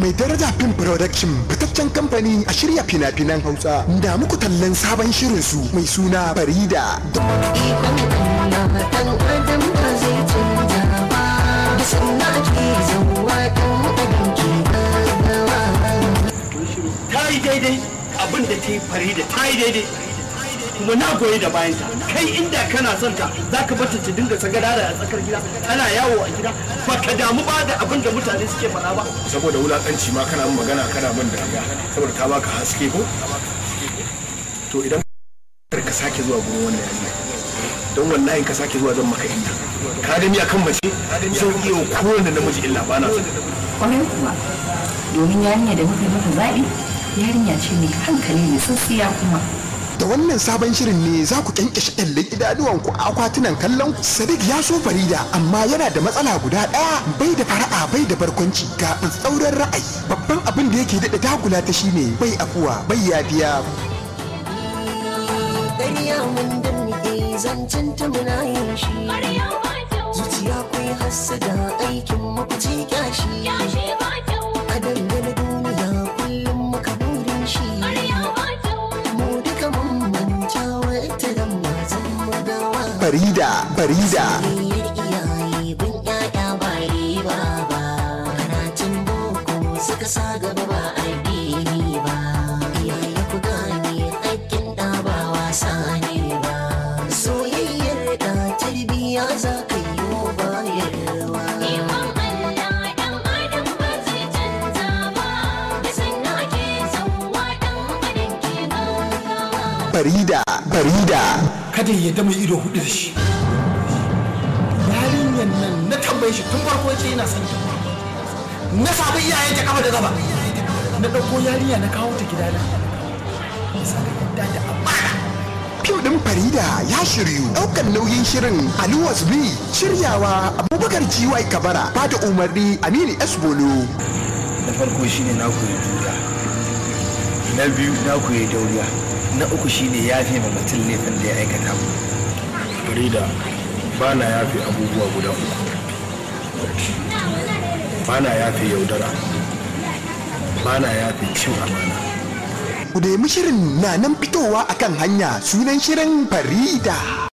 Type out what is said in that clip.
mai daraja film production fitaccen kamfani a shirya fina-finan Hausa da muku tallan sabon shirin su mai suna Farida ta yi daidai abin da ta yi farida ta yi daidai kuma na goyi da bayanta kai inda kana son ta za ka bata ta dinga sagada da tsakar gida tana yawo a gida ba ka damu ba da abin da mutane suke faɗa ba saboda wulakanci ma kana magana kana ban da saboda ta baka haske ko to idan ka sake zuwa gurin wannan yanzu don wallahi ka sake zuwa zan maka inda ka gani akan mace zan iya kowane namiji illa ba na kwarai kuwa domin yarinya da muka maka zaɓi yarinya ce mai hankali mai sassiya kuma da wannan sabon shirin ne za ku kyankyashe kyallin idanuwan ku akwatunan kallon ku? sadiq ya so farida amma yana da matsala guda ɗaya bai da fara'a bai da barkwanci ga tsauran ra'ayi babban abin da yake daɗa dagula ta shine bai afuwa bai yafiya ƙarya mun ta shi a kai hassada aikin farida farida suka sa gaba ba addini ba iyaye ku gane aikin da ba wasa ne ba soyayyar da tarbiya za ka bayarwa iman Allah dan adam ba zai canza ba da sanna ke zauwa dan adam ke ba farida farida kada ya dama ido hudu da shi yarinyan nan na tambaye shi tun farko ce yana son ta na sabu iyayen ta kafa da gaba na ɗauko yarinya na kawo ta gidana misali yadda da amana fim ɗin Farida ya shiryu ɗaukar nauyin shirin Ali Wasbi shiryawa Abubakar GY Kabara ba da umarni Aminu S. Bolo. Na farko shine na koyi duka. na biyu na ku yi dauriya na uku shine fi ma mutum laifin da ya aikata mu farida ba na yafe abubuwa guda uku ba na yafe yaudara ba na yafe cin amana ku da shirin na nan fitowa akan hanya sunan shirin farida